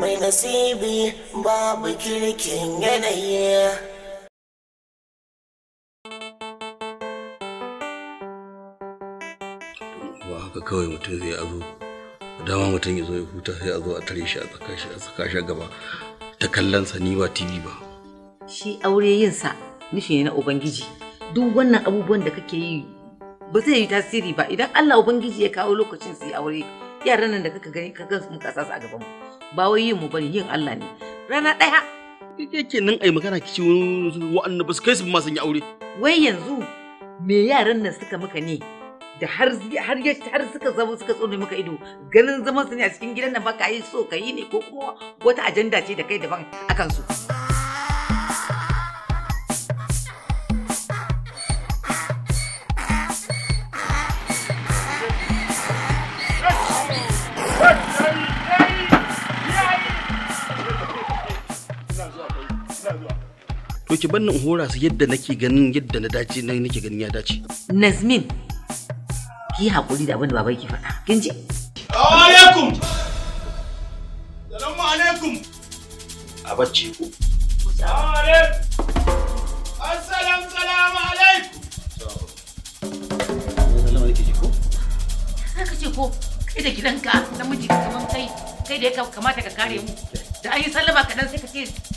mai nasibi babu kirkin yanayi ba haka kawai mutum zai azo dama mutum ya zo ya huta sai a zo a tare shi a tsaka shi a tsaka gaba ta kallon sa ni ba tv ba shi aure yin sa nishi ne na ubangiji duk wannan abubuwan da kake yi ba zai yi tasiri ba idan Allah ubangiji ya kawo lokacin su yi aure yaran nan da kaka gani ka gansu muka sa su a gaban mu ba wai yin mu bane yin Allah ne rana ɗaya yake nan ai magana kici ci wa'annan ba su kai su ma sun yi aure wai yanzu me yaran nan suka maka ne da har har har suka zama suka tsone maka ido ganin zaman su ne a cikin gidan nan ba ka yi so ka yi ne ko kuma wata ajanda ce da kai daban akan su. ki bannin in hora su yadda nake ganin yadda na dace nan nake ganin ya dace Nazmin ki hakuri da abin da babai ki faɗa kin ji alaikum salamu alaikum a bacci ku Assalamu salamu alaikum Assalamu alaikum Haka ce ko kai da gidanka namiji kaman kai kai da ya kamata ka kare mu da an yi sallama kaɗan sai ka ce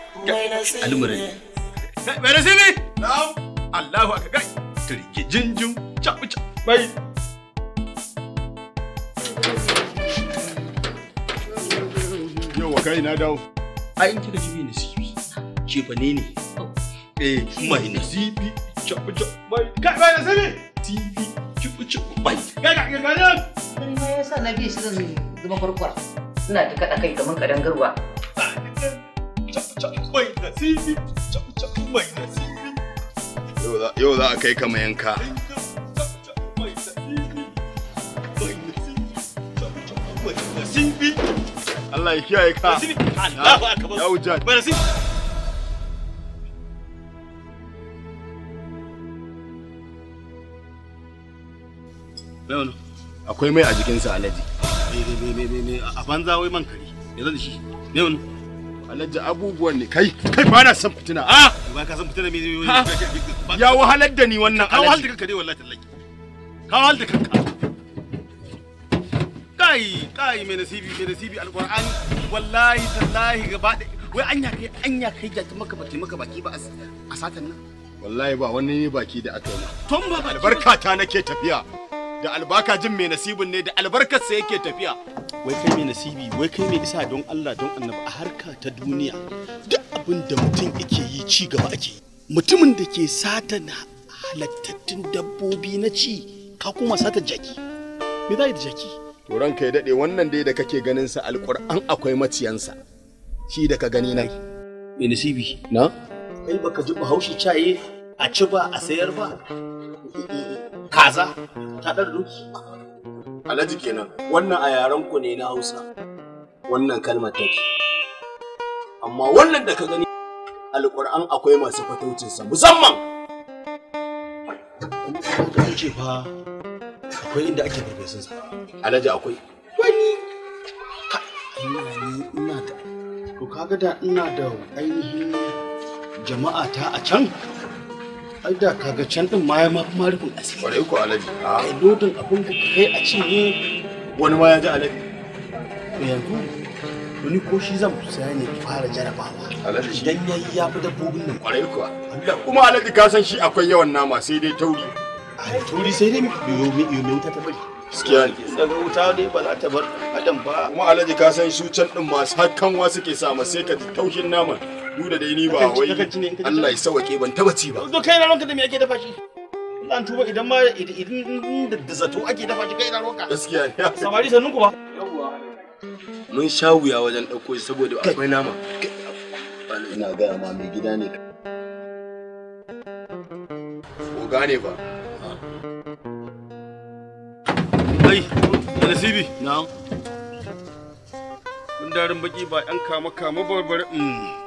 almurai mai nasili na'am Allahu akbar turki jinjin chabu chabu bai yau wa kai na dawo a in kika jibi ne sibi ce fa ne ne eh mai nasibi chabu chabu bai kai mai nasili tv chabu chabu bai ga ga ga ne ya sa na bi shi zan zama kwarkwara ina ta kada kai kamar kadangarwa mai yau za a kai kama yanka. Allah ya kiyaye ka. Allahu akbar. Ya Akwai mai a jikinsa alaji. Me me a banza wai man kari. Me zan shi? alhaji abubuwan ne kai kai ba na san fitina ah ba ka san fitina me zai ya wahalar da ni wannan ka wahalar da kanka dai wallahi tallaki ka wahalar da kanka kai kai me nasibi me nasibi alquran wallahi tallahi gaba wai anya kai anya kai jata maka baki maka baki ba a satan nan wallahi ba wani baki da aka yi tun ba albarka ta nake tafiya da albaka jin me nasibin ne da albarkar sa yake tafiya wai kai mai nasibi wai kai mai isa don Allah don annabi a harka ta duniya duk abin da mutum yake yi ci gaba ake mutumin da ke sata na halattattun dabbobi na ci ka kuma sata jaki me za da jaki to ranka ya dade wannan dai da kake ganin sa alquran akwai maciyansa shi da ka gani na. me nasibi na kai baka ji bahaushe caye a ci ba a sayar ba kaza ta ɗan doki Alhaji kenan. Wannan a yaren ku ne na Hausa. Wannan kalmar take. Amma wannan da ka gani Alƙur'an akwai masu fataucinsa musamman. An ce fa akwai inda ake farfesun sa. Alhaji akwai. Wani. Ina ina da. To kaga da ina da ainihin jama'a ta a can. ai da kaga can din ma ya ma kuma rufin asiri kwarai ku alabi kai lodin abin ka kai a cinye wani ma ya ji alabi to yanzu wani ko shi zan saya ne fara jarabawa idan ya yi ya fi dabbobin nan kwarai kuwa kuma alabi ka san shi akwai yawan nama sai dai tauri ai tauri sai dai yomi wuta ta bari gaskiya ne daga wuta dai ba za ta bar adam ba kuma alaji ka san su can din masu hakkan wa suke sa sai ka taushin naman duk da dai ni ba wai Allah ya sauke ban taba ci ba to kai na ranka da me ake dafa shi an tuba idan ma idan da zato ake dafa shi kai na ranka gaskiya ne samari sannun ku ba mun sha wuya wajen ɗauko shi saboda akwai nama ina gaya ma mai gida ne ko gane ba ai nasibi na'am kun darin baki ba yan kama kama barbar mm.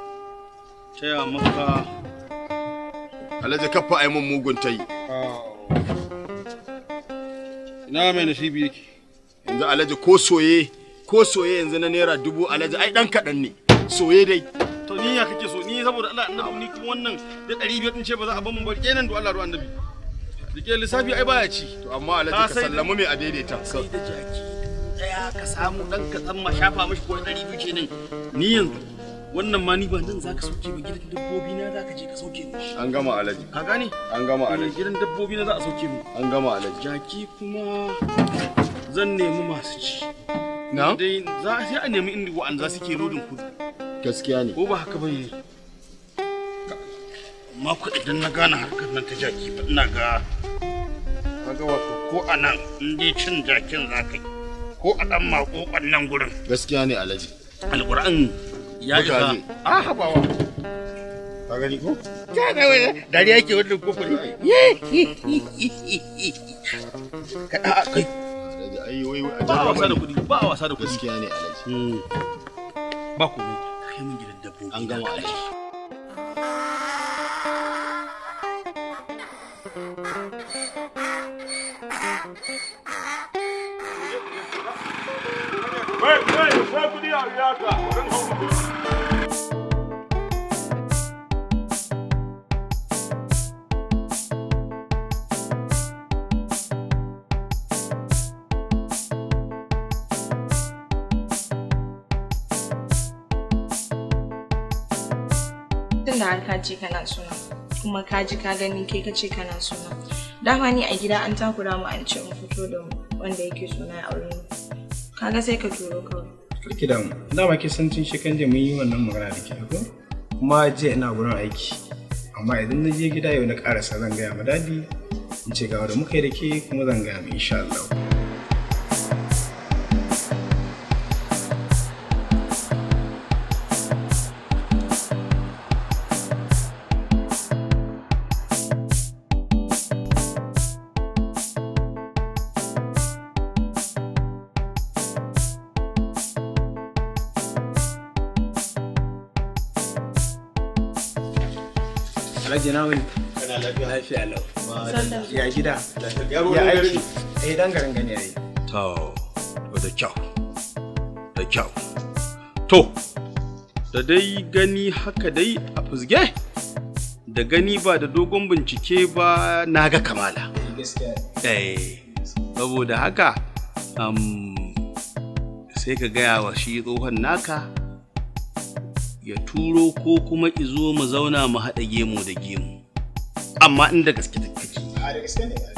taya maka alhaji kafa ai mun mugun yi. ina mai nasibi yake yanzu alhaji ko soye ko soye yanzu na naira dubu alhaji ai dan kaɗan ne soye dai to ni ya kake so ni saboda Allah annabi ni kuma wannan da ɗari biyar din ce ba za a bamu mun ba rike nan do Allah ruwan annabi rike lissafi ai baya ci to amma alhaji ka sallamu mai a daidaita sai da jaki daya ka samu dan ka tsamma shafa mishi ko ɗari biyu kenan ni yanzu wannan ma ni ba nan zaka sauke ba gidan dabbobi na zaka je ka sauke ni an gama alaji ka gane an gama alaji eh, gidan dabbobi na za a sauke mu an gama alaji jaki kuma zan nemi masu ci na dai za sai a nemi inda wa'an za su ke rodin kudu gaskiya ne ko ba haka bane amma ku idan na gane harkar nan ta jaki ba ina ga kaga wato ko a nan in dai cin jakin yi. ko a dan makokan nan gurin gaskiya ne alaji alƙur'an ya isa a ah, habawa ka gani ko da wani dariya yake wannan ka da kai ba wasa da kudi ba wasa da kudi gaskiya ne alaji hmm. ba komai kai mun gidan dabbobi an gama alaji Wai, tunda ka ce kana suna kuma kaji ji ka gani kai ka kana suna dama ni a gida an takura mu an ce mu fito da wanda yake suna a wurin kaga sai ka turo kawai karki damu dama ke san tun shekan je mun yi wannan magana da ke ko kuma je ina gurin aiki amma idan na je gida yau na karasa zan gaya ma dadi in ce ga da muka yi da ke kuma zan gaya mu insha Allah gida ya aiki eh gani to da kyau da kyau to da dai gani haka dai a fusge da gani ba da dogon bincike ba na ga kamala eh saboda haka sai ka gaya wa shi tsohon naka ya turo ko kuma izo mu zauna mu haɗa gemu da gemu amma inda gaske kake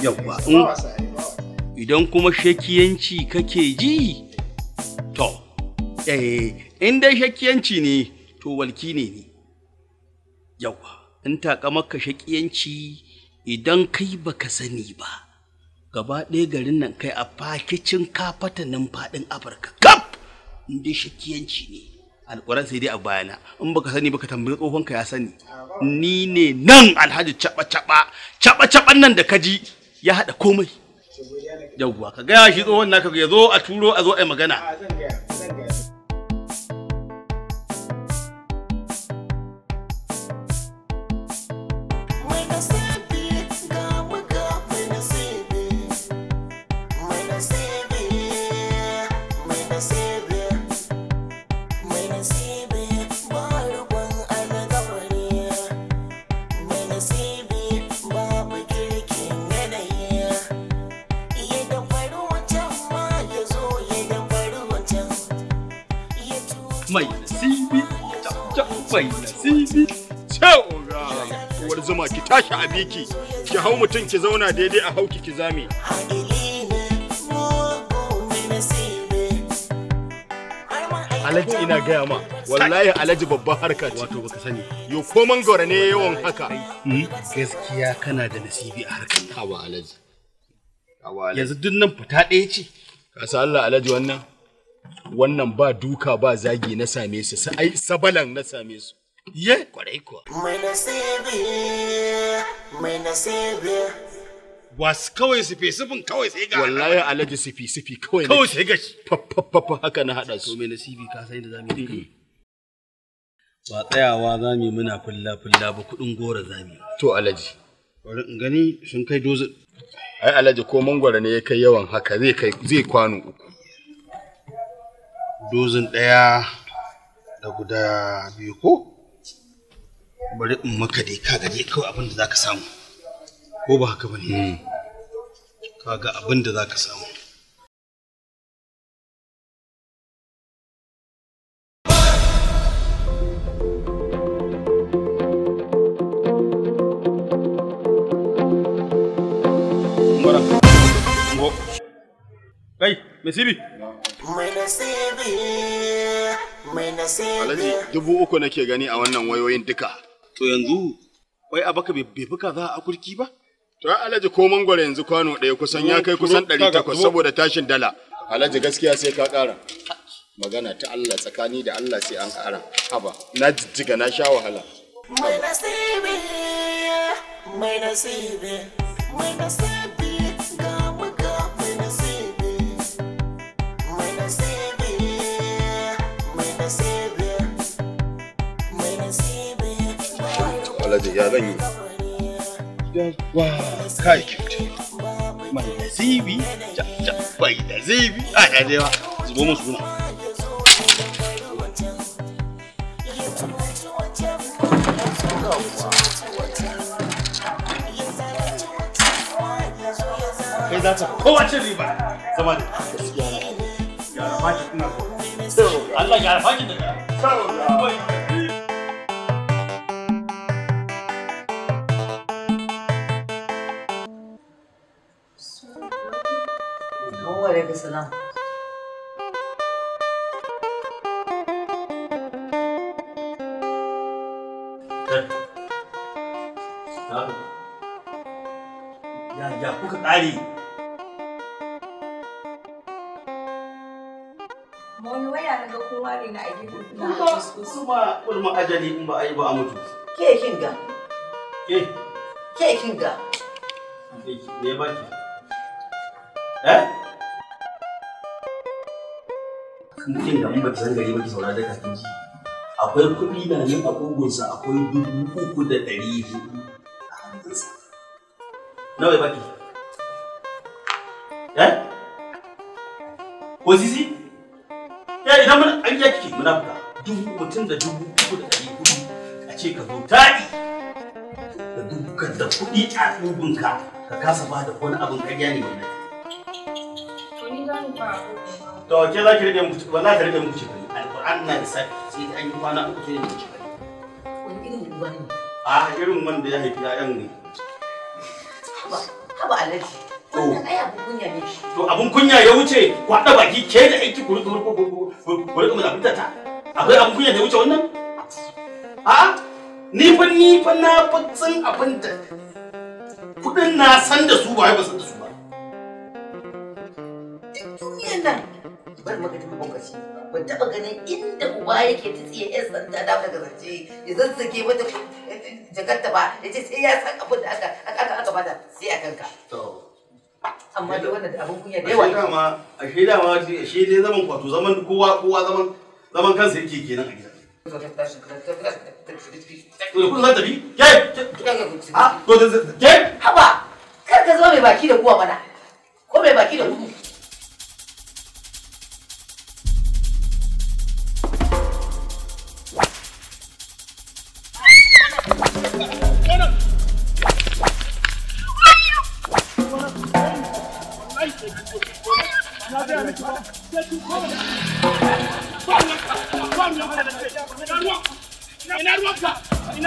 yawwa mm. idan kuma shakiyanci kake ji to eh in dai shakiyanci ne to walki ne ni yawwa in maka shakiyanci idan kai baka sani ba gaba ɗaya garin nan kai a fakicin nan faɗin afirka kaf in dai shakiyanci ne alƙuran sai dai a bayana in baka sani baka tambayi tsohon ka ya sani ni ne nan alhaji caba caba caba caban nan da kaji ya hada komai yauwa ka gaya shi tsohon naka ya zo a turo a zo a magana a biki ki hau mutum ki zauna daidai a hauki ki zame alhaji ina gaya ma wallahi alhaji babban harka ce wato baka sani yo ko mangoro ne yawan haka gaskiya kana da nasibi a harkar ka ba alhaji yanzu duk nan fita ɗaya ce ka sa Allah alhaji wannan wannan ba duka ba zagi na same su sai sabalan na same su Ye kwarai kuwa. Mai Was kawai sifi sifin kawai sai ga. Wallahi alaji sifi sifi kawai. Kawai sai ga shi. Fafafafa haka na haɗa su. Mai nasibi ka san da zamu yi. Mm-hmm. Ba tsayawa za mu yi muna fulla fulla ba kuɗin gora za mu yi. To alaji. Bari in gani sun kai dozin. Ai alaji ko mangwara ne ya kai yawan haka zai kai zai kwano uku. Dozin ɗaya da guda biyu ko? bari in maka dai ka gaje kawai abin da za ka samu ko ba haka ba ne hmm. ka ga abin da za ka samu Kai, Nasibi! Mai Nasibi! mai Alhaji dubu uku nake gani a wannan wayoyin duka. To yanzu wai abaka bai fi kaza a kurki ba? To Alhaji ko mangwaro yanzu kwano ɗaya kusan ya kai kusan ɗari takwas saboda tashin dala. Alhaji gaskiya sai ka ƙara. Magana ta Allah tsakani da Allah sai an ƙara. Haba na jijjiga na sha wahala. Mai nasibi, mai nasibi, mai nasibi. ya zan yi kai mai ja zibi bai da zibi a ya je ba zubo mu suna kai za ta kowace riba zama da gaskiya na Allah wasu ba kulma ajali in ba a yi ba a mutu. Ke kin ga? Ke? Ke kin ga? Me ba ki? Eh? Kin ga mun ba ki gari ba ki saurara da kakin ji. Akwai kuɗi na nan a kogonsa akwai dubu uku da ɗari hudu a hannunsa. Nawa ba ki? Eh? Ko sisi? Eh idan mun an yi kike muna fita. dubu mutum da dubu uku da ɗari hudu a ce ka zo tari da dukkan da kuɗi a ɗubinka ka kasa ba da wani abin ƙarya ne wannan. To ke za ki rage muku ba za ki rage muku cikin alƙur'an na da sai sai an yi kwana uku sai ne muku cikin. Wani irin ruwa ne? A irin wanda ya haifi ƴaƴan ne. Haba haba alaji. To abun kunya ya wuce kwaɗa baki ke da aiki ku rika abin ta. akwai abin kunya da wuce wannan a ni fa ni fa na fa san abin da kudin na san da su ba ba san da su ba duk duniyan nan bari maka ta lokaci ban taɓa ganin inda uba yake ta tsiye yan sanda da aka zance ya zazzage mata jakarta ba ya ce sai ya san abin da aka aka aka bata sai a kanka amma da wannan da abin kunya da yawa ashe dama ashe dai zaman kwato zaman kowa kowa zaman zaman kansa yake kenan a gida kun za ta bi ke ah, Ha ba! kar ka zama mai baki da kuwa bana. ko mai baki da kuku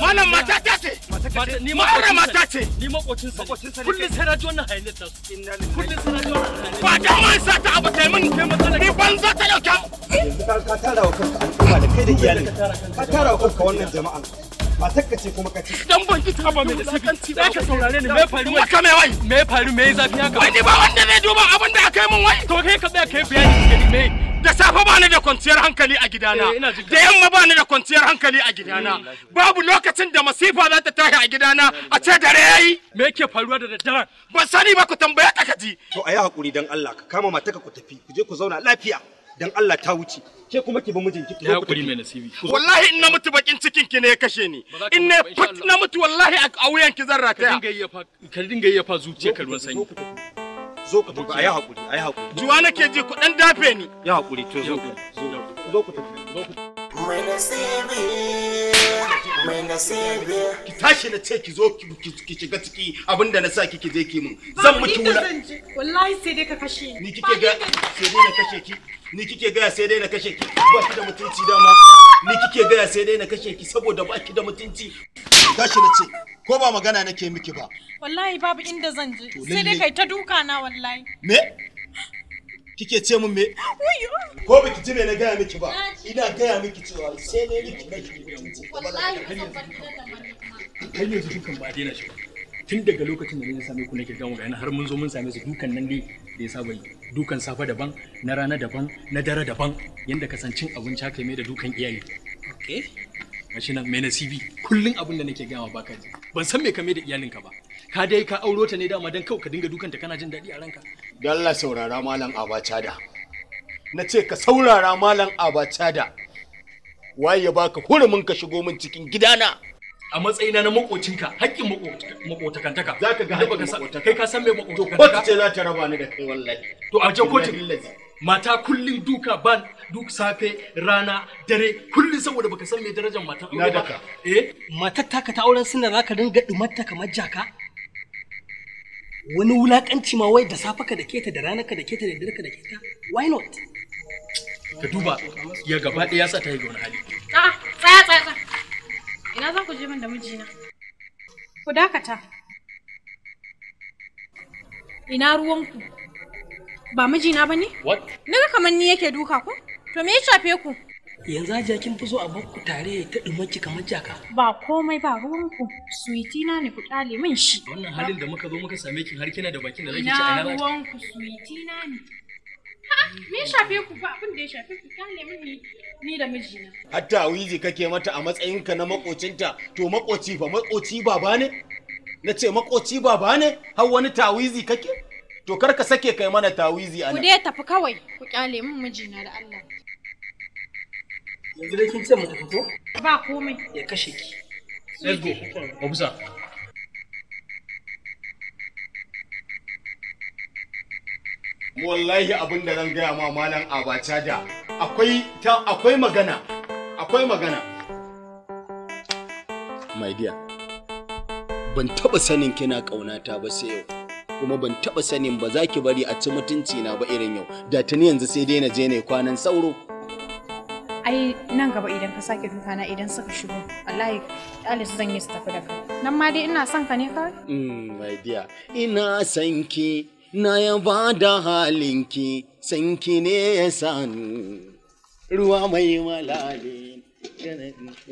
Malam mata ta ce. Mata mata ce. Ni makocin sa. Kullun sai na ji wannan hayaniyar ta su. Kullun sai na ji wannan hayaniyar. Ba da man sa ta abu kai min kai matsala. Ni banza ta dauka. Yanzu ka tara wa kanka al'umma da kai da iyalin. Ka tara wa kanka wannan jama'a. matar ka ce kuma ka ce dan ban kita ba mai da sabi za ka saurare ni me faru wai ka me wai me faru me zafi haka wai ni ba wanda zai duba abin da aka yi min wai to kai ka tsaya kai bayani me da safe ba ni da kwanciyar hankali a gidana eh, da yamma ba ni da kwanciyar hankali a gidana babu lokacin da masifa za ta tashi a gidana a ce dare yayi me yake faruwa da daddare ban sani ba ku tambaya ta kaji to ayi hakuri dan Allah ka kama mataka ku tafi ku je ku zauna lafiya dan Allah ta wuce ke kuma ki ba mijinki ki hakuri mai nasibi wallahi in na mutu bakin cikin ki ne ya kashe ni in ne fat na mutu wallahi a wuyan ki zarra rataya ka dinga fa ka dinga yayyafa zuciyar ruwan sanyi zo ku tafi ayi hakuri ayi hakuri juwa nake ji ku dan dafe ni ya hakuri to zo ku zo ku tafi zo ku mai nasibi mai nasibi ki tashi na ce ki zo ki shiga ciki abinda na sa kike je ki mun zan miki wala wallahi sai dai ka kashe ni kike ga sai dai na kashe ki ni kike ga sai dai na kashe ki ba ki da mutunci dama ni kike ga sai dai na kashe ki saboda ba ki da mutunci tashi na ce ko ba magana nake miki ba wallahi babu inda zan je sai dai kai ta duka na wallahi me kike ce mun me ko biki ji me na gaya miki ba ina gaya miki cewa sai ne miki na ki wallahi kai yanzu dukan ba daina shi tun daga lokacin da na same ku nake gamu yana har mun zo mun same su dukan nan ne da ya saba yi dukan safa daban na rana daban na dare daban yanda kasancin abinci haka mai da dukan iyaye okay gashi nan mai nasibi kullun abin da nake gama baka ji ban san me ka mai da iyalinka ba ka dai ka auro ta ne dama dan kawai ka dinga dukanta kana jin daɗi a ranka dalla saurara malam abacha da na ce ka saurara malam abacha da waye ya baka hurumin ka shigo min cikin gidana a matsayina na makocinka hakkin makotakantaka za ka ga hakkin makotakantaka kai ka san me makotakantaka to kotu ce za ta raba ni da kai wallahi to a jan kotu mata kullum duka ban duk safe rana dare kullum saboda baka san me darajar mata. aure ba eh matar taka ta auren za ka dinga dumarta kamar jaka wani wulakanci ma wai da safa ka da keta da rana ka da keta da dare ka da keta why not ka duba ya gaba ɗaya ya sa ta yi wani hali a tsaya tsaya tsaya ina za ku je min da mijina ku dakata ina ruwanku ba mijina ba ne? What? Naga kamar ni yake duka ku? To me ya shafe ku? yanzu hajiya kin fi so a ku tare ta dumaki kamar jaka ba komai ba ruwanku suwiti na ne ku kyale min shi wannan halin da muka zo muka same ki har kina da bakin da zaki ci a ina ruwanku suwiti na ne me ya shafe ku ba abin da ya shafe ku kyale min ni da mijina hatta wiji kake mata a matsayinka na makocinta to makoci ba makoci baba ne na ce makoci baba ne har wani tawizi kake to kar ka sake kai mana tawizi a nan ku dai tafi kawai ku kyale min mijina da Allah yanzu dai kin ce mu tafi ko ba komai ya kashe ki let's go obusa wallahi abin da zan gaya ma malam abacha da akwai ta akwai magana akwai magana my dear ban taba sanin kina kaunata ba sai yau kuma ban taba sanin ba za ki bari a ci mutunci na ba irin yau da tuni yanzu sai dai na je ne kwanan sauro ai nan gaba idan ka sake duka na idan suka shigo wallahi alis zan yi su tafi da kai nan ma dai ina son ka ne kawai mm my dear ina son ki na yaba da halinki son ki ne ya sanu ruwa mai malali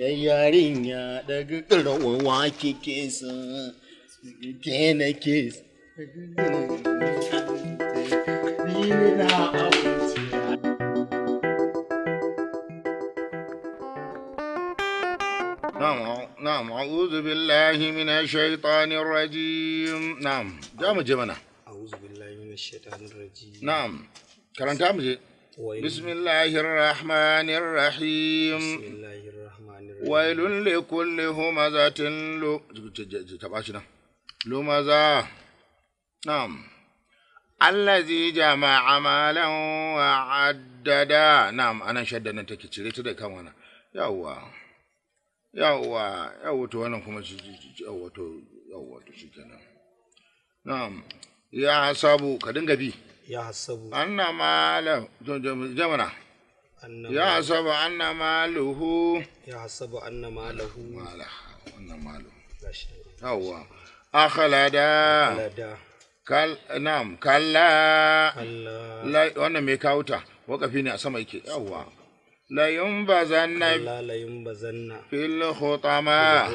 yayarin ya daga rawa kike sa ke na ke ni na abu نعم نعم أعوذ بالله من الشيطان الرجيم نعم جاء مجمنا أعوذ بالله من الشيطان الرجيم نعم كلام تام بسم الله الرحمن الرحيم بسم الله الرحمن الرحيم ويل لكل همزة تباشنا لمزة نعم الذي جمع مالا وعددا نعم أنا شدنا تكتشريت ده كمان يا الله yawwa yawwa to wannan kuma shi yawwa to yawwa to shi shikenan na'am ya hasabu ka dinga bi ya hasabu anna mala jamana ya hasabu anna maluhu ya hasabu anna malahu mala wannan malu yawwa akhlada kal na'am kalla wannan me kawuta wakafi ne a sama yake yawwa لينبذن لينبذن في الخطماء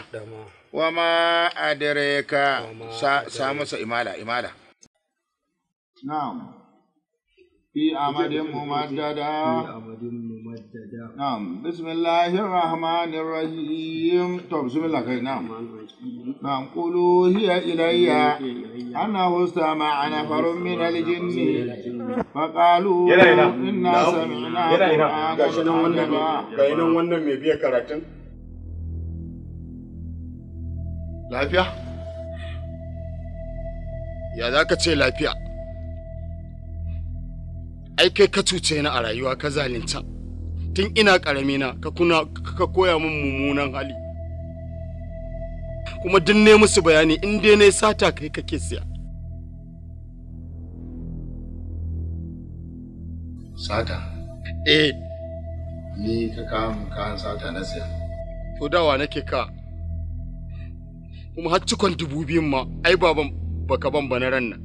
وما أدريك سامس إمالة إمالة نعم في أمد ممددة في أمد ممددة ممددا نعم بسم الله الرحمن الرحيم طب بسم الله كي نعم نعم قولوا هي إلي أنه استمع نفر من الجن فقالوا إنا سمعنا قرآنا عجبا lafiya ya za ka ce lafiya ai kai ka cuce ni a rayuwa ka zalunta tun ina ƙaramina ka kuna ka koya min mummunan hali kuma duk ne musu bayani in dai ne sata kai kake siya sata eh ni ka kamun ka sata na siya to dawa nake ka kuma har cikon dubu biyun ma ai baban baka ban bana ran nan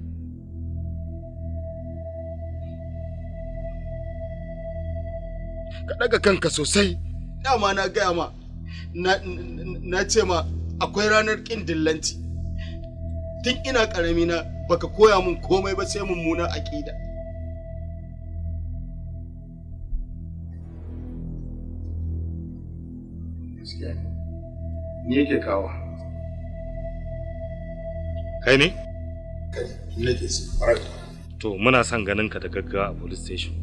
ka daga kanka sosai dama na gaya ma na ce ma akwai ranar kin dillanci tun ina karami na baka koya mun komai ba sai mummuna aƙida ni yake kawo kai ne? kai ne ke to muna son ganin ka da gaggawa a police station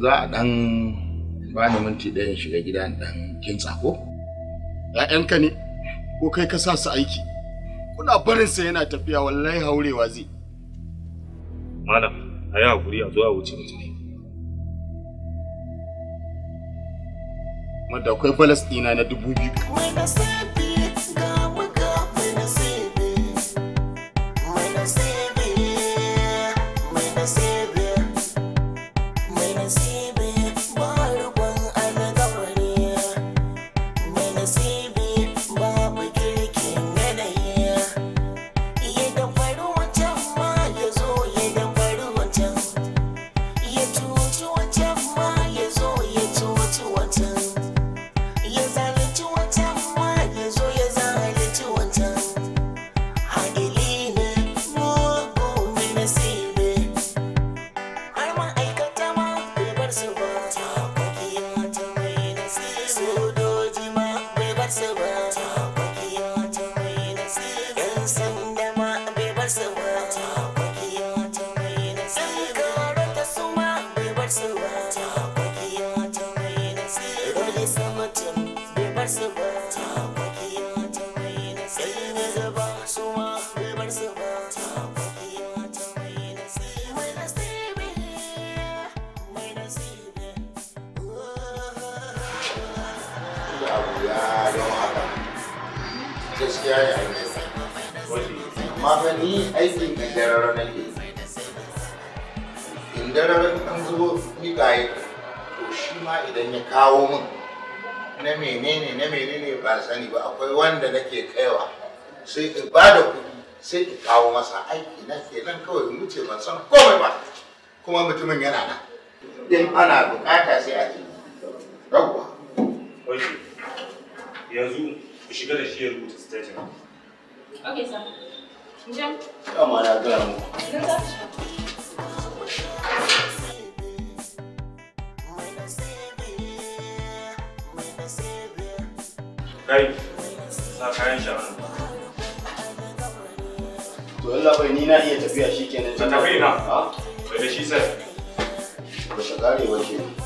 za a ɗan bani minti ɗaya in shiga gida ɗan kintsa ko? ‘Ya'yanka ne, ko kai ka sa su aiki, kuna barinsa yana tafiya wallahi haurewa zai. Malam, a yi haƙuri a zo a wuce mutum. Madakwai Palace Falasɗina na dubu biyu. kawo mun na menene na menene ba sani ba akwai wanda nake kaiwa sai in ba da kuɗi sai in kawo masa aiki na ke nan kawai mu ce ban san komai ba kuma mutumin yana nan in ana bukata sai a ce yawwa yanzu ku shiga da shi ya rubuta statement okay sir injan Kama na gaya muku. kai sa to bai ni na iya tafiya shikenan ka tafi na da shi sai ba ba ke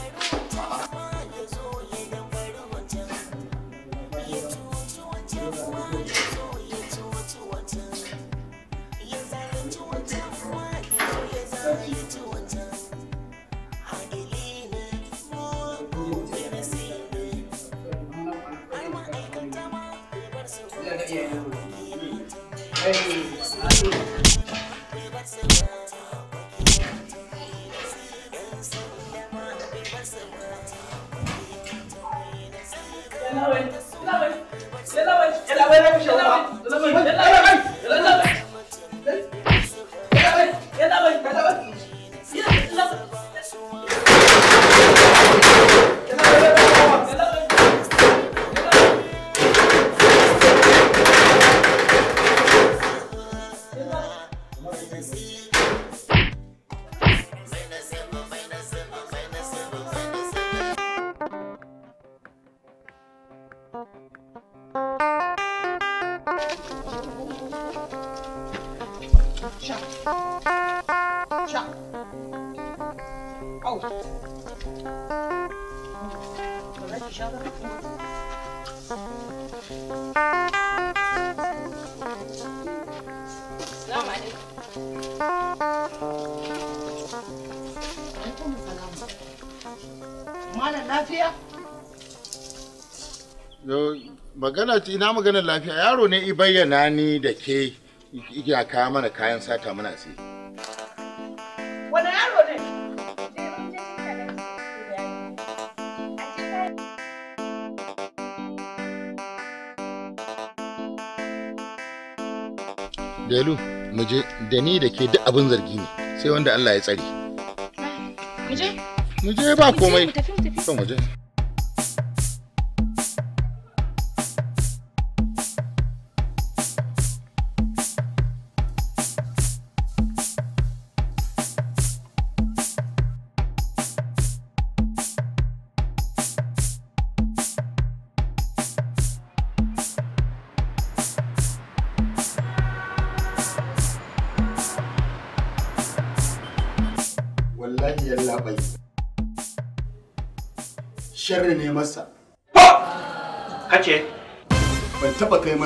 Amen. lafiya? magana ina maganar lafiya yaro ne i bayyana ni da ke ya kawo mana kayan sata mana sai. Wani yaro ne? Delu, mu je da ni da ke duk abin zargi ne sai wanda Allah ya tsare. Mu je? Mu tafi, ba komai. 했던 거지.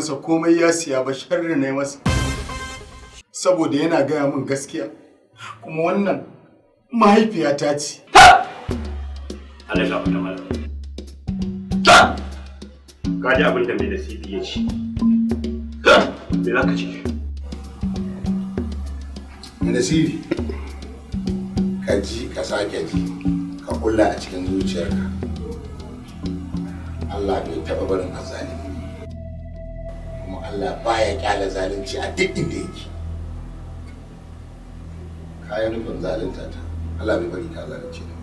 masa komai ya siya ba sharri ne masa saboda yana gaya min gaskiya kuma wannan mahaifiyata ce ka ji abin da mai da cp ya ci me za ka ce mai da cp ka ji ka sake ji ka kulla a cikin zuciyarka Allah bai taɓa barin azali Allah baya kyala zalunci a duk inda yake kayan nufin zalunta ta Allah bai bari ka zalunci ta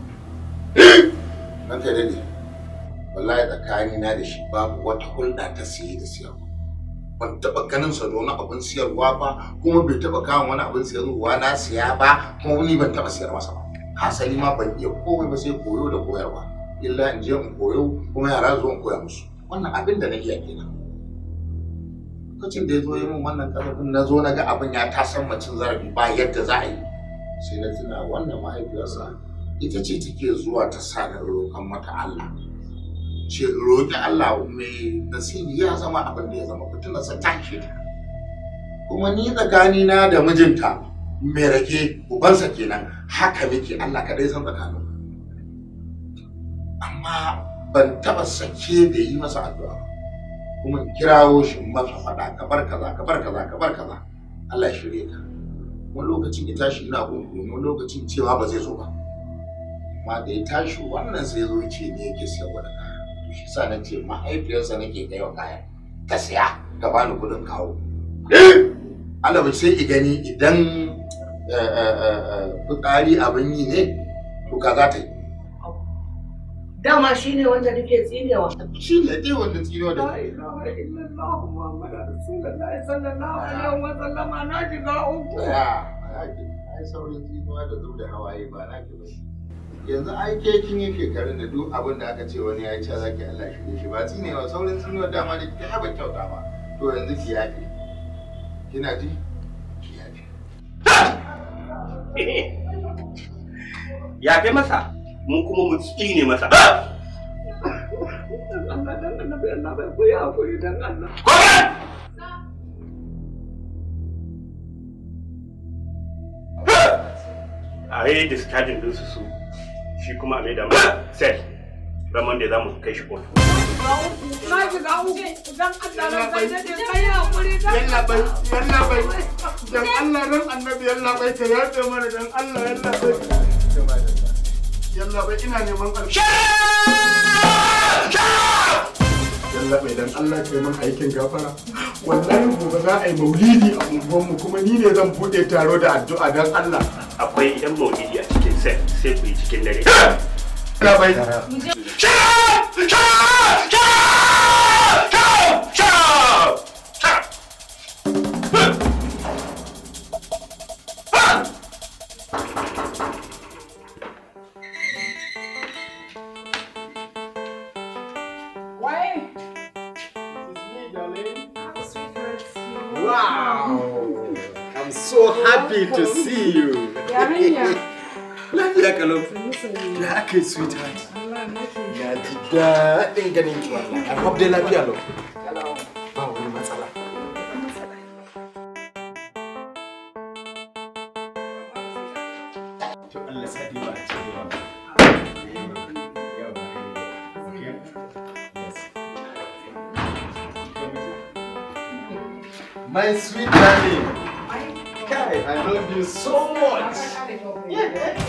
nan kai dade wallahi tsakani na da shi babu wata hulɗa ta siye da siyarwa ban taɓa ganin sa da wani abin siyarwa ba kuma bai taɓa kawo wani abin siyarwa na siya ba kuma wani ban taɓa siyar masa ba hasali ma ban iya komai ba sai koyo da koyarwa illa in je in koyo kuma yara zo in koya musu wannan abin da na iya kenan lokacin da ya zo ya min wannan karfin na zo na ga abin ya tasan macin zarafi ba yadda za a yi sai na tuna wannan mahaifiyarsa ita ce take zuwa ta sa na roƙon mata Allah ce roƙi Allah mai nasibi ya zama abin da ya zama fitinarsa ta ke ta kuma ni tsakanina da mijinta mai rake ubansa kenan haka muke Allah kadai san tsakanin amma ban taɓa sake da yi masa addu'a ba kuma in kirawo shi in masa faɗa bar kaza bar kaza ka bar kaza Allah ya shirye ka wani lokacin ya tashi ina gungu wani lokacin cewa ba zai zo ba amma da ya tashi wannan sai zo ce ne yake siya wani kaya to shi sa na ce mahaifiyarsa nake kai wa kaya ta siya ka bani kuɗin kawo eh! Allah bai sai i gani idan eh, eh, fitsari abin yi ne to ka za ta yi dama shi ne wanda nake tsinewa shi ne dai wanda tsinewa da la ilaha illallah muhammad rasulullahi sallallahu alaihi wa sallama na shiga uku ya ai saurin tsinewa da zuwa hawaye ba na ki bane yanzu ai ke kin yi shekarun da duk abin da aka ce wani ya yi ca zaki Allah shi shi ba tsinewa saurin tsinewa dama da ki haɓa kyau dama. to yanzu ki yafe kina ji ki yafe yafe masa mun kuma mu tsine masa Allah dan annabi Allah bai koyi dan Allah a yi discharging dinsu su shi kuma a mai sel ramon da za mu kai shi kotu. Na Allah, uku don Allah ran zai Allah, kai hakuri Allah, Yallaɓai, yallaɓai, don Allah Allah, annabi yallaɓai ka Allah, mana don Allah Allah, Yalla ina neman alƙawari. Yalla bai dan Allah kai min aikin gafara. Wallahi gobe za a yi maulidi a unguwanmu kuma ni ne zan buɗe taro da addu'a dan Allah. Akwai yan maulidi a cikin sai sai ku yi cikin dare. Yalla bai. Shara! Shara! Shara! kalau ya aka sweetheart ya ji daɗin ganin ki lafiya lau ba wani matsala Allah sa a cikin My sweet darling, Kai, I love you so much. Yeah.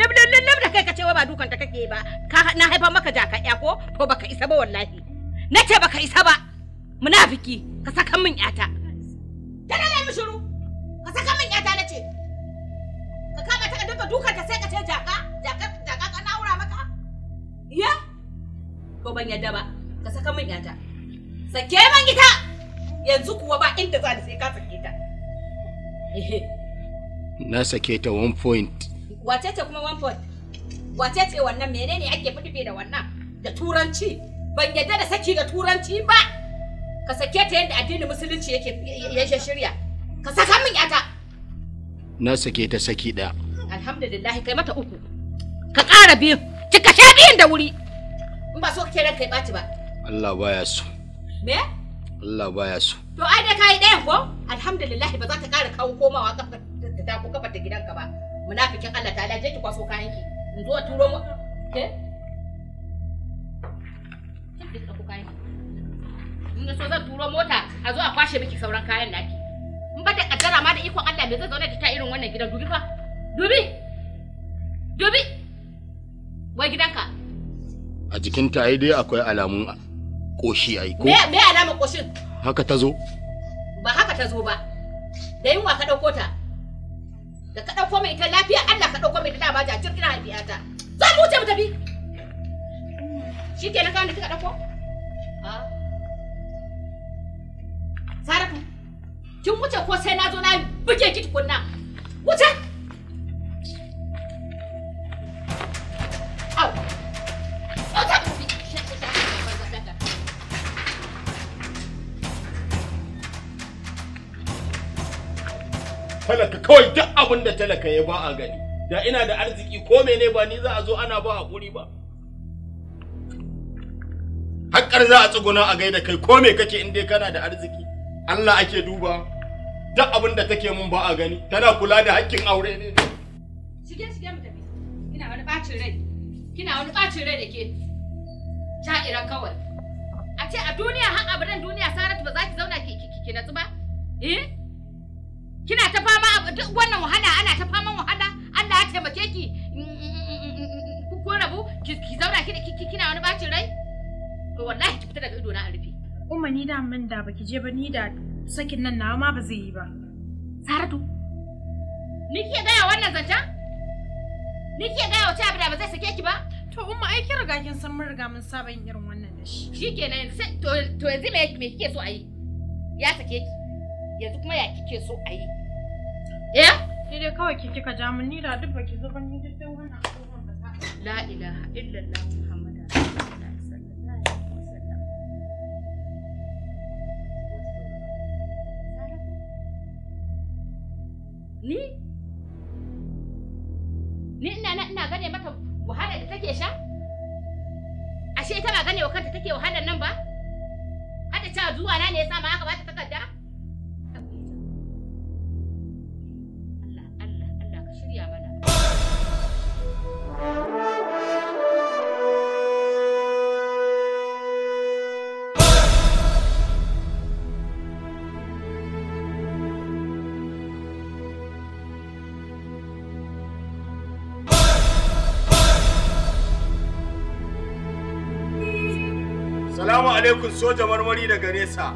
na sake ta one point wace ce kuma one point wace ce wannan menene ake fidife da wannan da turanci ban yadda da saki da turanci ba ka sake ta yadda addinin musulunci yake yake shirya ka saka min yata na sake ta saki da alhamdulillah kai mata uku ka ƙara biyu kika sha biyun da wuri in ba so kake ranka ya ɓaci ba Allah baya so me Allah baya so to ai da kai ɗayan ko alhamdulillah ba za ta ƙara kawo komawa kafin. ta ta ko kafa ta gidanka ba munafikin Allah ta laje ki kwaso kayan ki in zo a turo mu ke in so zan turo mota a zo a kwashe miki sauran kayan naki in ba ta kaddara ma da ikon Allah me zai zauna da ta irin wannan gidan dubi fa dubi dubi wai gidanka a jikin ta ai dai akwai alamun koshi ai ko me me alamar koshin haka ta zo ba haka ta zo ba da yunwa ka ɗauko ta da ka ɗauko mai ita lafiya Allah ka ɗauko mai ita da ba ta jirgin haifiya ta za mu wuce mu tafi shi ke na kawo da ɗauko ah. sarrafa kin wuce ko sai na zo na buge ki tukunna wuce kawai abin da talaka ya ba a gani da ina da arziki ko mene ba ni za a zo ana ba haƙuri ba hakkar za a tsuguna a gaida kai ko me kake in dai kana da arziki Allah ake duba duk abin da take mun ba a gani tana kula da haƙƙin aure ne shige shige mu tafi kina wani bacin rai kina wani bacin rai da ke ja'ira kawai a ce a duniya har abadan duniya Saratu ba za ki zauna ki ki natsu ba eh Kina ta fama duk wannan wahala ana ta fama wahala Allah ya taimake ki mm, mm, mm, ko rabu ki zauna kina wani bacin rai. To wallahi ki fita daga ido na a rufe. Umma ni da min da baki je ba ni da sakin nan nawa ma ba zai yi ba. Saratu. Ni ke gaya wannan zancen? Ni ke gaya wata abu da ba zai sake ki ba? To umma ai ki riga kin san mun riga mun saba yin irin wannan da shi. Shikenan to to yanzu me me kike so a yi? Ya sake ki. yanzu kuma ya kike so a yi eh ni dai kawai ki kika ja mun ni da duk baki zo ban ni duk sai wannan abubuwan da ta la ilaha illallah muhammadu rasulullahi sallallahu alaihi wasallam ni ni ina nan ina gane mata wahala da take sha ashe ita ba gane wa kanta take wahalar nan ba hada ta zuwa na ne yasa ma aka bata takarda alaikum soja marmari daga nesa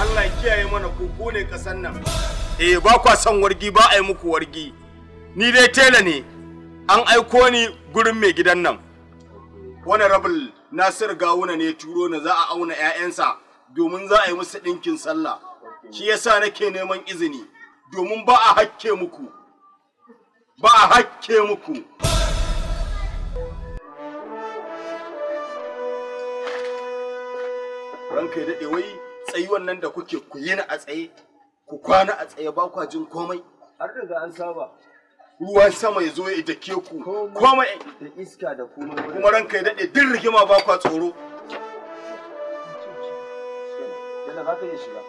Allah kiyaye mana ku ne kasan nan eh ba kwa san wargi ba a yi muku wargi ni dai tela ne an aiko ni gurin mai gidan nan wani rabul nasir gawuna ne turo na za a auna 'ya'yansa domin za a yi musu ɗinkin sallah shi yasa nake neman izini domin ba a hakke muku ba a hakke muku ranka ya daɗe wai tsayi wannan da kuke ku yi na a tsaye ku kwana a tsaye ba kwa jin komai har daga an saba ruwan sama ya zo ya dake ku komai da iska da komai kuma ranka ya daɗe din rigima ba kwa tsoro yana za ka iya shiga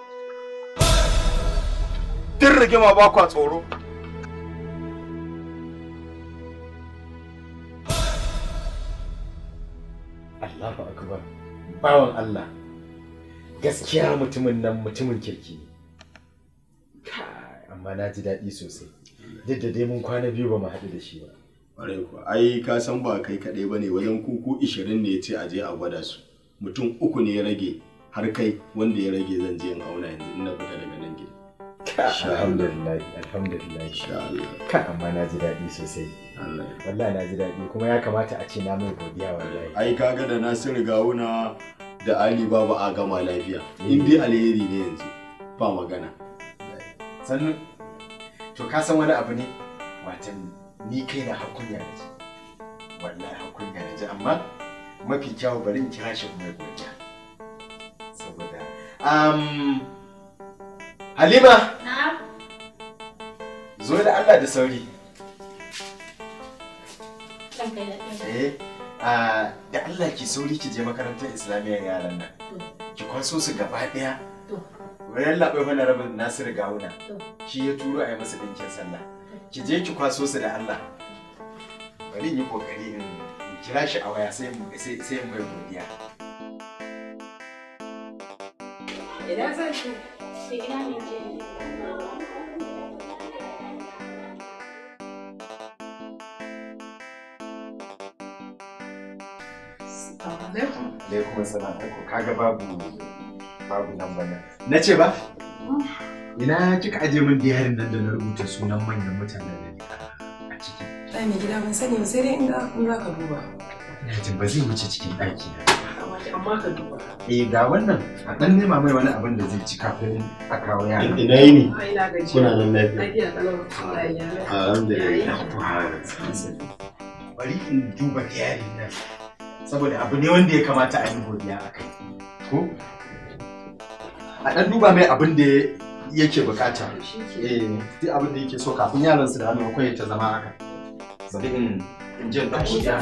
din rigima ba kwa tsoro Allahu akbar bawon Allah gaskiya mutumin nan mutumin kirki ne amma na ji daɗi sosai duk da dai mun kwana biyu ba mu haɗu da shi ba ƙwarai ku ai ka san ba kai kaɗai ba ne wajen kuku ishirin ne ya ce a je a gwada su mutum uku ne ya rage har kai wanda ya rage zan je in auna yanzu ina fita daga nan gida alhamdulillah alhamdulillah ka amma na ji daɗi sosai wallahi na ji daɗi kuma ya kamata a ce na mai godiya wallahi ai kaga da na sun riga wuna da ali babu a gama lafiya mm. in dai alheri ne yanzu ba magana sannan to ka san wani abu ne watan ni kai na hakun ya naji wallahi hakun ya naji amma mafi kyawu bari in kira shi mai godiya saboda um, halima zo da allah da sauri Eh. da Allah ki sauri ki je makarantar islamiyyar yaran nan ki kwaso su gaba daya wurin labai mana rabin nasiru gawuna shi ya turo a yi masa dinkin sallah ki je ki kwaso su da Allah bari yi kokari in kira shi a waya sai sai mai godiya idan zan ci ina ne dai kuma ta ko kaga babu babu nan bana na ce ba ina kika aje min diyarin nan da na rubuta sunan manyan mutanen da a ciki ai me gida ban sani ba sai dai in ga kun za ka duba ina jin ba zai wuce cikin ɗaki na amma ka duba eh ga wannan a dan nema mai wani abin da zai ci kafin a kawo yara ina yi ne kuna nan lafiya alhamdulillah bari in duba diyarin nan saboda abu ne wanda ya kamata a yi godiya a kai ko a ɗan duba mai abin da yake bukata eh duk abin da yake so kafin yaran su da hannu akwai ta zama haka sabin in jin da godiya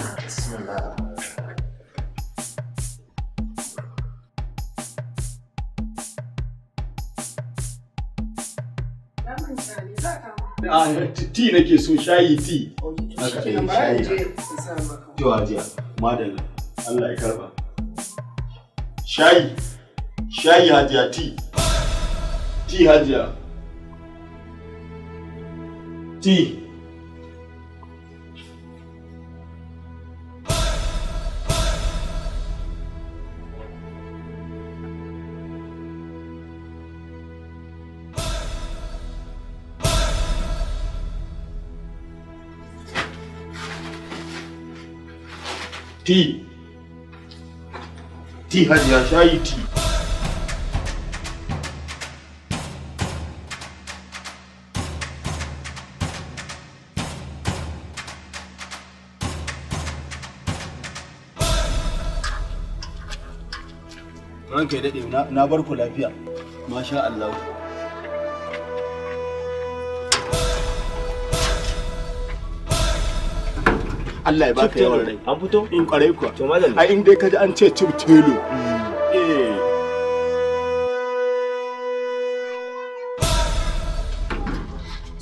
Ti nake so shayi ti. Haka eh, shayi. Yawa jiya, madalla. Allah ya karba shayi shayi hajiya ti ti hajiya ti T ti hajiya shayi ti ranka ya daɗe na bar lafiya masha Allah Allah ya baka yawan rai an fito in kwarai kuwa to madalla ai in dai kaji an ce chip telo eh.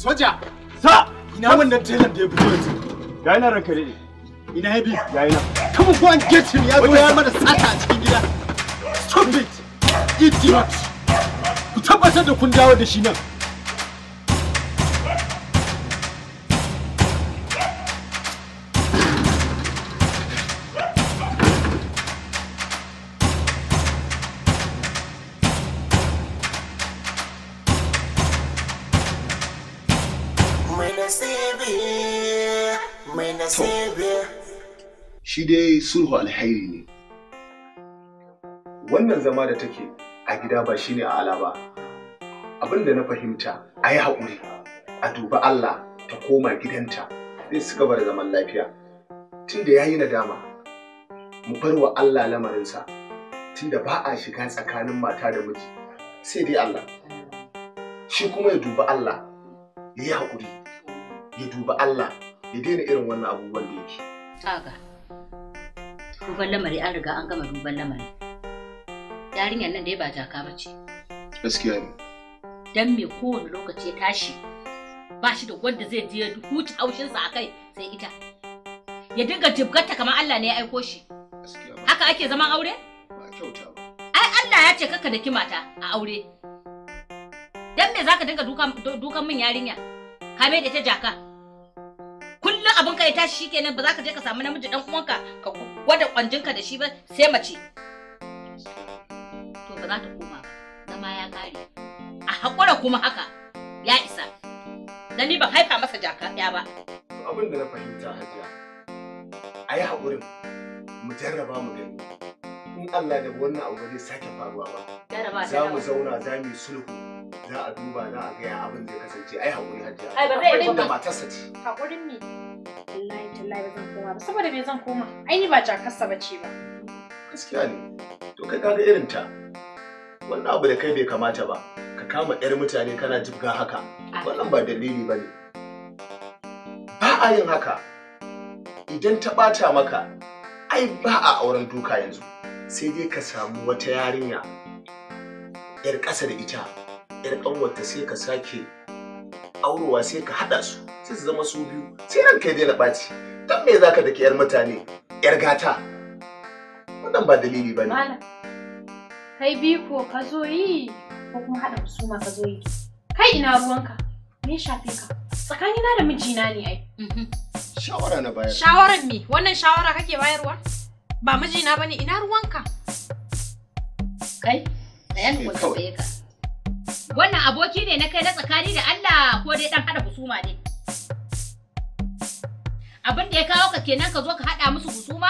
soja sa ina wannan telan da ya fito yanzu ga ina ranka dai ina ya bi ga ina. kuma ko an get him ya zo ya mana sata a cikin gida Stop it! idiot ku tabbatar da kun dawo da shi nan sulhu alhairi ne wannan zama da take a gida ba shi ne a ala ba abin da na fahimta a yi haƙuri a duba Allah ta koma gidanta zai su gaba da zaman lafiya tun da ya yi nadama mu bar wa Allah lamarinsa tun da ba a shiga tsakanin mata da miji sai dai Allah shi kuma ya duba Allah ya yi haƙuri ya duba Allah ya daina irin wannan abubuwan da yake. duban lamari an riga an gama duban lamari yarinyar nan dai ba jaka ba gaskiya ne dan me kowane lokaci ya tashi ba shi da wanda zai je huta haushinsa a kai sai ita ya dinga jibgarta kamar Allah ne ya aiko shi haka ake zaman aure ba kyauta ba ai Allah ya ce kaka da kimata a aure dan me zaka dinga dukan dukan min yarinya ka da ta jaka kullum abin ka ya tashi shikenan ba za ka je ka samu namiji dan uwanka ka gwada ka da shi ba sai mace to ba za ta koma ba zama ya kare a hakura kuma haka ya isa da ni ban haifa masa jaka ya ba abin da na fahimta hajiya a yi haƙurin mu jarraba mu gani in Allah da wannan abu ba zai sake faruwa ba za mu zauna za mu yi sulhu za a duba za a gaya abin zai kasance ai haƙuri hajjiya ai ba zai yi ba matarsa ce haƙurin me wallahi tallahi ba zan koma ba saboda me zan koma ai ni ba jakarsa ba ce ba gaskiya ne to kai kaga irin ta wannan abu da kai bai kamata ba ka kama yar mutane kana jibga haka wannan ba dalili ba ne ba a yin haka idan ta ɓata maka ai ba a auren duka yanzu sai dai ka samu wata yarinya 'yar ƙasa da ita yar ƙanwarta sai ka sake aurowa sai ka haɗa su sai su zama su biyu sai ranka ya daina ɓaci don me zaka dake yar mutane yar gata wannan ba dalili ba ne kai bi ko ka zo yi ko kuma haɗa su ma ka zo yi kai ina ruwanka me shafe ka tsakanina da mijina ne ai mhm. shawara na bayar Shawara me wannan shawara kake bayarwa ba mijina bane ina ruwanka kai da yan ku ka Wannan aboki ne na kai na tsakani da Allah ko dai dan hada husuma ne. Abin da ya kawo ka kenan ka zo ka hada musu husuma?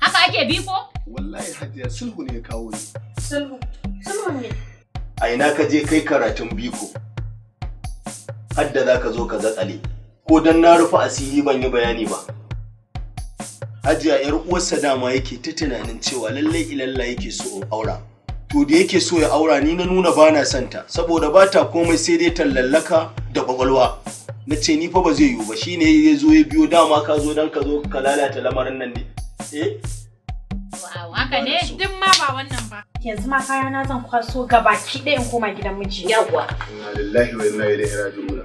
Haka ake bi ko? Wallahi Hajiya sulhu ne ya kawo ni. Sulhu. Sulhu ne. A ina ka je kai karatun biko. Hadda za ka zo ka zatsale Ko dan na rufe asiri ban yi bayani ba. Hajiya 'yar uwarsa dama yake ta tunanin cewa lallai ilalla yake so in aura. to da yake so ya aura ni na nuna bana santa saboda ba ta komai sai dai tallallaka da bagwalwa na ce ni fa ba zai yiwu ba shine ya zo ya biyo dama ka zo dan ka zo ka lalata lamarin nan ne eh haka ne din ma ba wannan ba yanzu ma kaya na zan kwaso gabaki ɗaya in koma gidan miji yawa inna lillahi wa inna ilaihi raji'un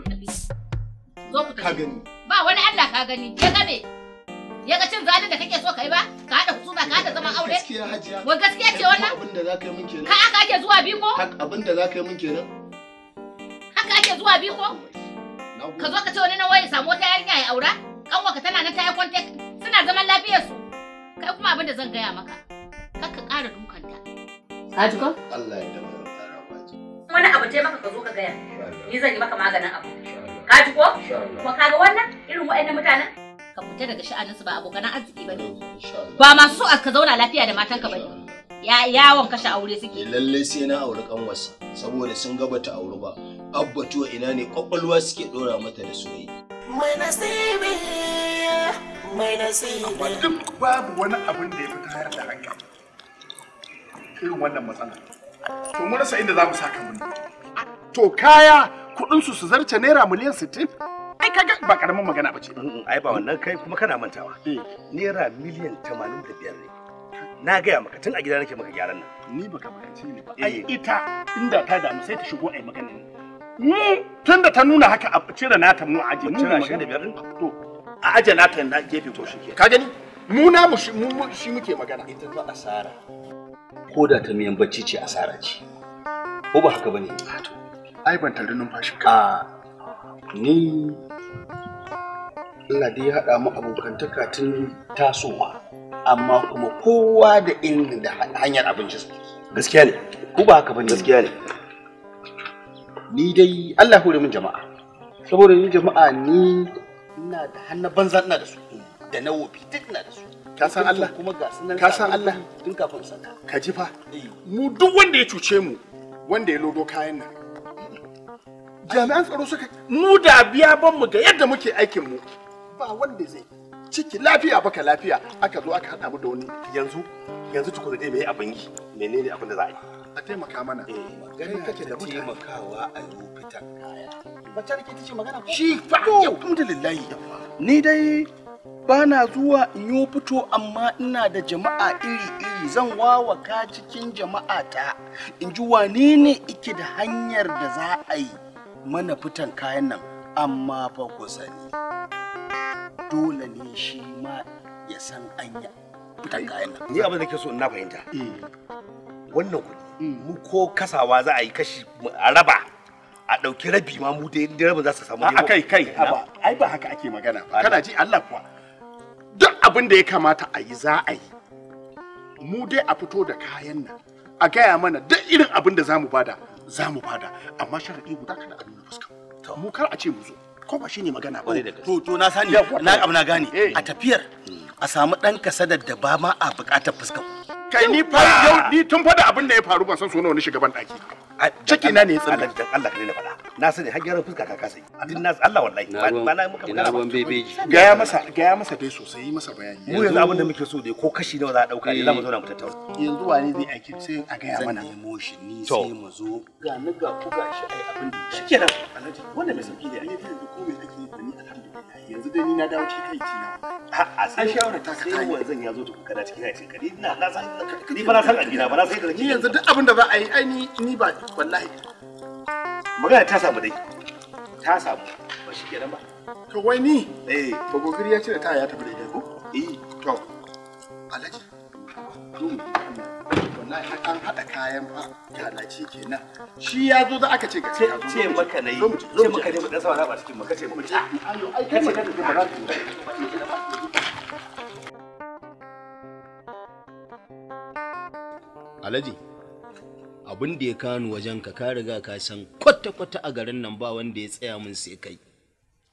ka gani ba wani Allah ka gani ke game ya ga cin zalin da kake so kai ba ka haɗa husuma ka haɗa zaman aure gaskiya hajiya wa gaskiya ce wannan abin da zaka yi min kenan ka aka ake zuwa biko abin da zaka yi min kenan haka ake zuwa biko ka zo ka ce wani na waye samu wata yarinya ya aura kanwa ka tana nan ta yi kwanta suna zaman lafiyar su kai kuma abin da zan gaya maka kar ka ƙara dukanta Hajiko? Allah ya dama Wani abu ce maka ka zo ka gaya. Ni zan yi maka maganin abu. Ka ji Ko kaga wannan irin waɗannan mutanen? ka fita daga sha'aninsu ba abokan arziki ba ne ba masu a ka zauna lafiya da matanka ba ne ya yawon kashe aure suke eh, lalle sai na auri kanwarsa saboda sun gaba ta auri ba abba tuwa ina ne kwakwalwa suke dora mata da soyayya mai nasibi mai nasibi duk babu wani abin da ya fi tayar da hankali irin wannan matsala to mu rasa inda za mu saka mun to kaya kuɗinsu su zarce naira miliyan 60? ai kaga ba karamin magana ba ce ba mm, mm, mm. ai ba wannan kai kuma kana mantawa eh. naira miliyan 85 ne na gaya maka tun a gida nake maka gyaran nan ni baka bakanci ne ba eh. ai ita inda ta damu sai ta shigo ai maganin mu tunda ta nuna haka a cire na ta mu a aje mu magana biyar to a aje na ta na gefe to shike ka gani mu na mu shi mu muke magana ita fa asara ko da ta miyan bacci ce asara ce ko ba haka bane ai ban tare numfashin ka ah. ni Allah dai ya haɗa mu abokantaka tun tasowa amma kuma kowa da irin da hanyar abinci su. gaskiya ne ko ba haka bane gaskiya ne ni dai Allah hore min jama'a saboda ni jama'a ni ina da hannu banza ina da su da na wofi duk ina da su ka san Allah kuma ga sunan ka san Allah tun kafin sana ka ji fa eh. mu duk wanda ya cuce mu wanda ya lodo kayan nan jami'an tsaro suka mu da biya ban mu ga yadda muke aikin mu ba wanda zai ciki lafiya baka lafiya aka zo aka hada mu da wani yanzu yanzu tukuna dai mai abin yi menene abin da za a yi a taimaka mana eh, gani kake da taimakawa a yi fitan kaya wacce rike tace ce magana ko shi fa alhamdulillah ni dai ba na zuwa in yi fito amma ina da jama'a iri-iri zan wawaka cikin jama'a ta in ji wane ne ike da hanyar da za a yi mana fitan kayan nan amma fa ku sani dole ne shi ma ya san anya fitan kayan nan ni abin da ke so na fahimta eh. wannan kuɗi eh. mu ko kasawa za a yi kashi a raba a ɗauki rabi ma mu dai rabin za su samu a kai kai ai ba haka ake magana kana ji Allah kuwa duk abin da ya kamata a yi za a yi mu dai a fito da kayan nan a gaya mana duk irin abin da za mu bada za mu fada amma sharaɗi guda kada a nuna fuskar mu kar a ce mu zo ko ba shine magana ba to to na sani na gane eh. a tafiyar a samu ɗan kasadar da ba ma a buƙatar fuskar kai ni fa yau ni tun fa da abin da ya faru ban san so nawa ni shugaban daki ciki na ne tsalle dan Allah kai na faɗa na sani har gyaran fuska ka kasai din nas Allah wallahi ba na muka ina ruwan bebeji gaya masa gaya masa dai sosai masa bayani mu yanzu abin da muke so dai ko kashi nawa za a dauka ne za mu zauna mu tattauna yanzu wane zai aiki sai a gaya mana zan ni sai mu zo ga ni ga ku ga shi ai abin da wannan mai sauki ne ko me ni yanzu dai ni na dawo kai aiki na a sai shawara ta sai mu zan ya zo ta kuka da cikin aiki kadi ina na san ni ba na san addina ba na sai da ni yanzu duk abin da za a yi ai ni ni ba wallahi magana ta samu dai ta samu ba shi kenan ba to wai ni eh ba gobiri ya cire ta ya tafi da ko eh to alhaji hmm. wallahi an haɗa kayan ba fa lalace nan. shi ya zo da aka ce ka ce ce maka nayi ce maka ne dan sawa ba cikin maka ce mu ta ah, ai kai maka da ba za Alhaji abin da ya kanu wajen ka ka riga ka san kwata-kwata a garin nan ba wanda ya tsaya min sai kai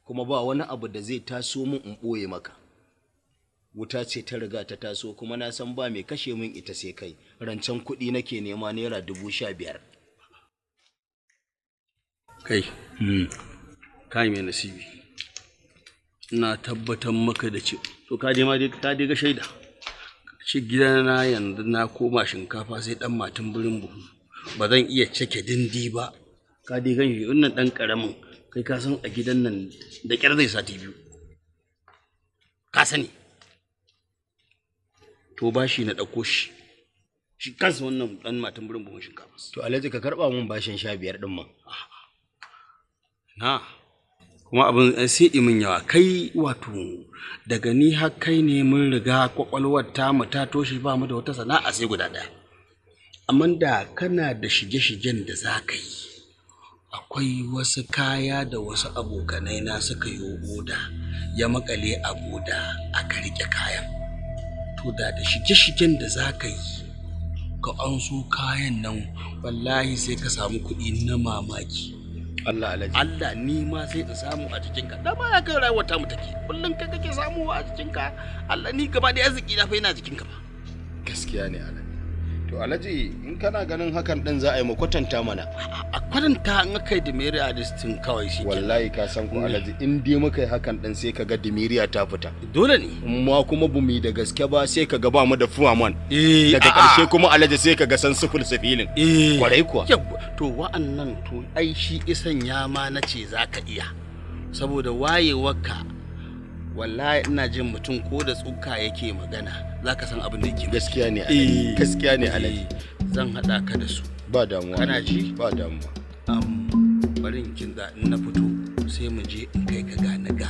kuma ba wani abu da zai taso min in ɓoye maka. wuta ce ta riga ta taso kuma na san ba mai kashe min ita sai kai rancen kuɗi nake nema naira dubu sha biyar kai hmm, kai mai nasibi ina tabbatar maka da ce to ka je ma ta ga shaida shi na yanzu na koma shinkafa sai dan matan birin buhu ba zan iya cike dindi ba ka dai gan shi wannan dan karamin kai ka san a gidan nan da kyar zai sati biyu ka sani to bashi na ɗauko shi shi kansa wannan ɗan matan burin buhun shinkafa to alhaji ka karɓa mun bashin sha biyar ɗin ma na kuma abin eh, sai min yawa kai wato daga ni har kai ne mun riga kwakwalwar ta mu ta toshe ba mu da wata sana'a sai guda ɗaya amma da kana da shige-shigen da za ka yi akwai wasu kaya da wasu abokanai na suka yi oda ya makale a boda aka riƙe kayan to da da shige-shigen da za ka yi ka an so kayan nan wallahi sai ka samu kuɗi na mamaki Allah alaji Allah ni ma sai in samu a cikin ka da baya kan rayuwar ta mu take kullun ka kake samu a cikin ka Allah ni gaba da arziki na fa ina jikin ka ba gaskiya ne alaji to alhaji in kana ganin hakan din za a yi mu kwatanta mana a kwatanta an aka yi dimiriya a distin kawai shi wallahi ka san ko alhaji in dai muka yi hakan din sai ka ga dimiriya ta fita dole ne amma kuma bu mu da gaske ba sai ka ga ba mu da fuwaman eh, daga karshe kuma alhaji sai ka ga san sufil sufilin eh. kwarai kuwa to wa'annan to ai shi isan ya ma na ce za ka iya saboda wayewarka wallahi ina jin mutum ko da tsuka yake magana za ka san abin da ke gaskiya ne eh. gaskiya ne alaji eh, zan haɗa ka da su ba damuwa kana ji ba damuwa bari in kinga in na fito sai mu je in kai ka ga na ga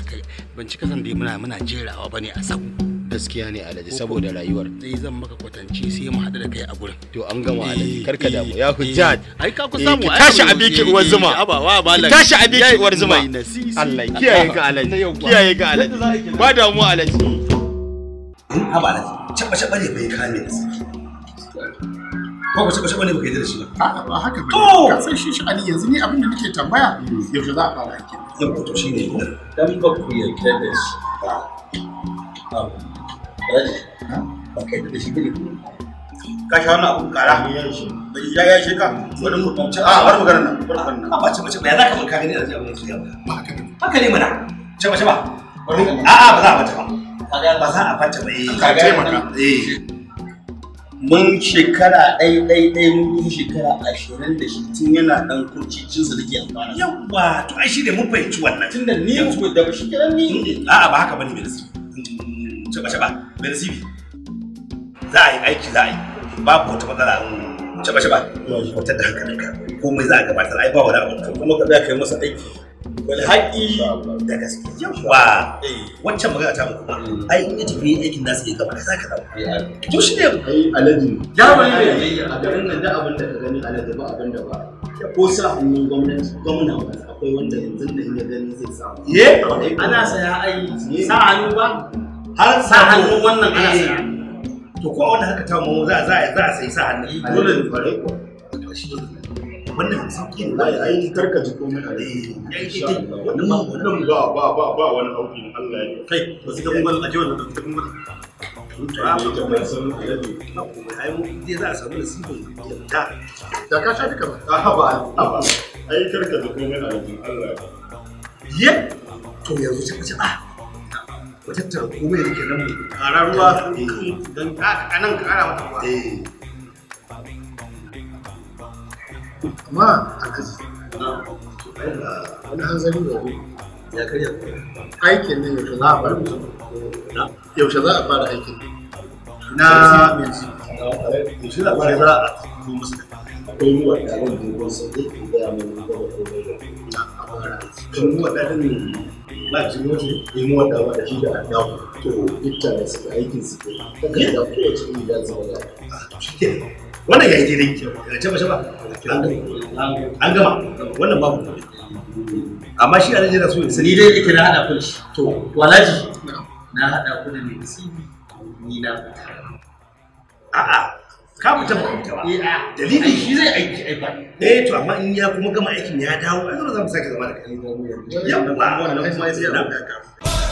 ban cika san dai muna muna jerawa bane a sako gaskiya ne alaji saboda rayuwar zai zan maka kwatance sai mu haɗu da kai a gurin to an gama alaji eh, karka damu eh, ya hujjat eh, ai ka ku samu ai tashi abiki uwar zuma ba tashi abiki uwar zuma Allah kiyaye ga alaji kiyaye ga alaji ba damu alaji in hmm, haba alaji chaba chaba ne bai kame ko ku caba caba ne baka da shi ba a haka ba ka san shi shi ali yanzu ni abin da nake tambaya yanzu za a fara aiki yau to shine dan ba ku yarda da shi ba ba kai da shi ka sha wannan abun kara ya yi shi ya ah, ah, ah, ya shi ka wani mutum a bar maganar nan bar maganar nan ba ce mace ba ya zaka mun ka gani da zai abun su ya ba haka ne mana ce mace ba a a ba za a bata ba ba za a bata ba eh. ka ce maka eh. mun shekara ɗai ɗai ɗai mun yi shekara ashirin da shi tun yana ɗan kurci cin su nake amfana. Yawwa to ai shi ne mun fahimci wannan. Tun da ni da shi kiran ni. A'a ba haka bane mai nasu. Shaba shaba. Benzibi. Za a yi aiki za a yi. Babu wata matsala shaba shaba shaba. Wata da hankali ka. Komai za a gabatar ai ba wani abu. To kuma ka za ka yi masa aiki. Wani haƙi da gaske. Yawwa. Eh, wancan magana ta muku. Ai in ya tafi aikin nasu ya gaba kaza kaza. To shi ne. Ai alaji. Ya wani ne. A garin nan da abin da ka gani alaji ba abin da ba. ko sa hannun gwamnati gwamna akwai wanda yanzu da ya gani zai samu. Ye, ana saya ai sa hannu ba? har sa hannu wannan ana eh. saya to ko wanda haka ta mu za za za a sai sa hannun dole ne fare ko wannan sauki ne ai ai karka ji komai eh, a wannan ba wannan ba ba ba ba wani auki Allah ya kai to sai kun gwal aje wannan da ka sha duka ba a karka ya ba ku tattara komai da ke nan mu ruwa eh. don a nan ƙara mata ruwa eh. amma a kaji wani hanzari da wani ya karya aikin ne yaushe za a bar yaushe za a fara aikin na yaushe za a fara za a musu da akwai ruwa da ruwan dogon da ya mai da a ba ji mutu yi mu wanda da shi da annabu to ita da suka aikin su ke ta kan da kowace ne da zama da wannan ya yi daidai ke ya ce ba shi ba an gama wannan babu kuma amma shi a rajin so sani dai yake na haɗa kun shi to walaji na haɗa ku da mai ni na a'a ka fita ba fita eh, ah. dalili dalilin shi zai aiki ai ba eh to amma in ya kuma gama aikin ya dawo ai zan sake zama da kai yawa wannan kuma sai ya dawo